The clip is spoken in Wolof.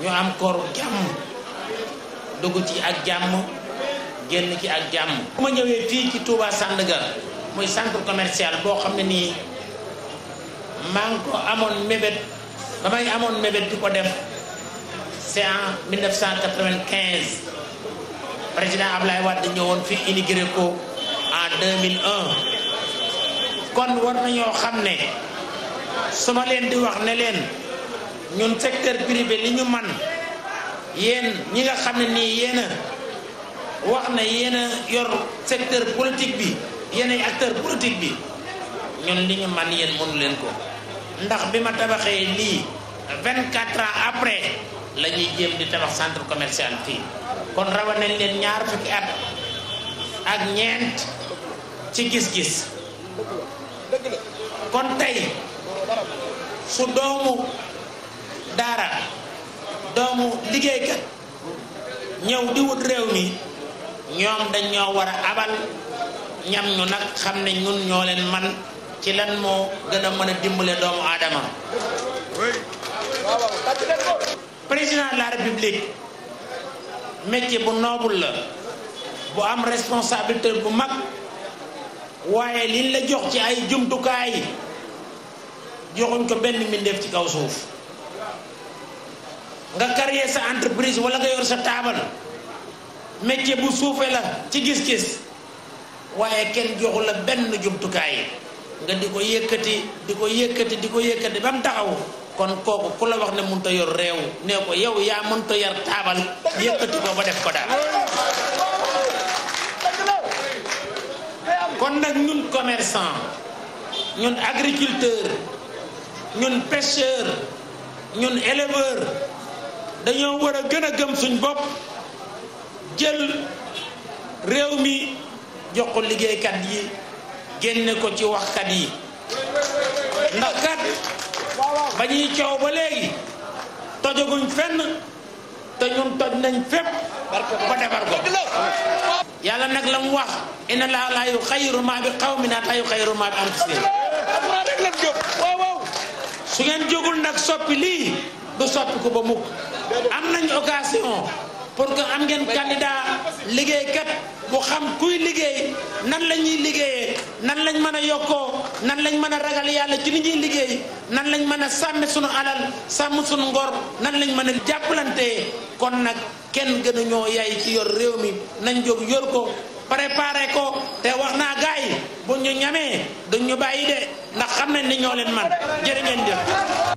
ñu am kooru jàmm dugg ci ak jàmm génn ci ak jàmm. bu ma ñëwee fii ci Touba Sandaga muy centre commercial boo xam ne nii maa ngi ko amoon mébét ba may amoon mébét di ko def c'est en 1995 président Ablaye Wade ñëwoon fi inauguré ko en 2001 kon war nañoo xam ne su leen di wax ne leen. ñun secteur privé li ñu man yéen ñi nga xam ne nii yéen a wax na yéen a yor secteur politique bi yéen ay acteur politique bi ñun li ñu man yéen mënu leen ko ndax bi ma tabaxee lii 24 ans après la ñuy jéem di tabax centre commercial fii kon rawa nañ leen ñaar fukki at ak ñeent ci gis-gis kon tey su doomu daara doomu liggéeykat ñëw di réew mi ñoom dañ ñoo war a abal ñam ñu nag xam ne ñun ñoo leen man ci lan moo gën a mën a dimbale doomu aadama président de la république métier bu noble la bu am responsabilité bu mag waaye liñ la jox ci ay jumtukaay joxuñ ko benn mbindeef ci kaw suuf nga créer sa entreprise wala nga yor sa taabal métier bu suufee la ci gis-gis waaye kenn joxu la benn jumtukaay nga di ko yëkkati di ko yëkkati di ko yëkkati ba mu taxaw kon kooku ku la wax ne mënut yor réew ne ko yow yaa mënut a yar taabal yëkkati ko def ko daal. kon nag ñun commerçant ñun agriculteur ñun pêcheur ñun éleveur. dañoo war a gën a gëm suñ bopp jël réew mi jox liggéeykat yi génne ko ci waxkat yi ndax kat ba ñuy coow ba léegi tojaguñ fenn te ñun toj nañ fépp ba defar ko yàlla nag la mu wax inna laa laa yu xayiru maa bi xawmin hatta yu xayiru maa bi anfusihim su ngeen jógul nag soppi lii du soppi ko ba mukk am nañ occasion pour que am ngeen liggéey kat bu xam kuy liggéey nan la ñuy liggéeyee nan lañ mën a yokkoo nan lañ mën a ragal yàlla ci li ñuy liggéey nan lañ mën a sàmm suñu alal sàmm suñu ngor nan lañ mën a jàppalantee kon nag kenn gënu ñoo yaay ci yor réew mi nañ jóg yor ko préparé ko te wax naa gars yi bu ñu ñamee duñ ñu bàyyi de ndax xam nañ ni ñoo leen man jërë ngeen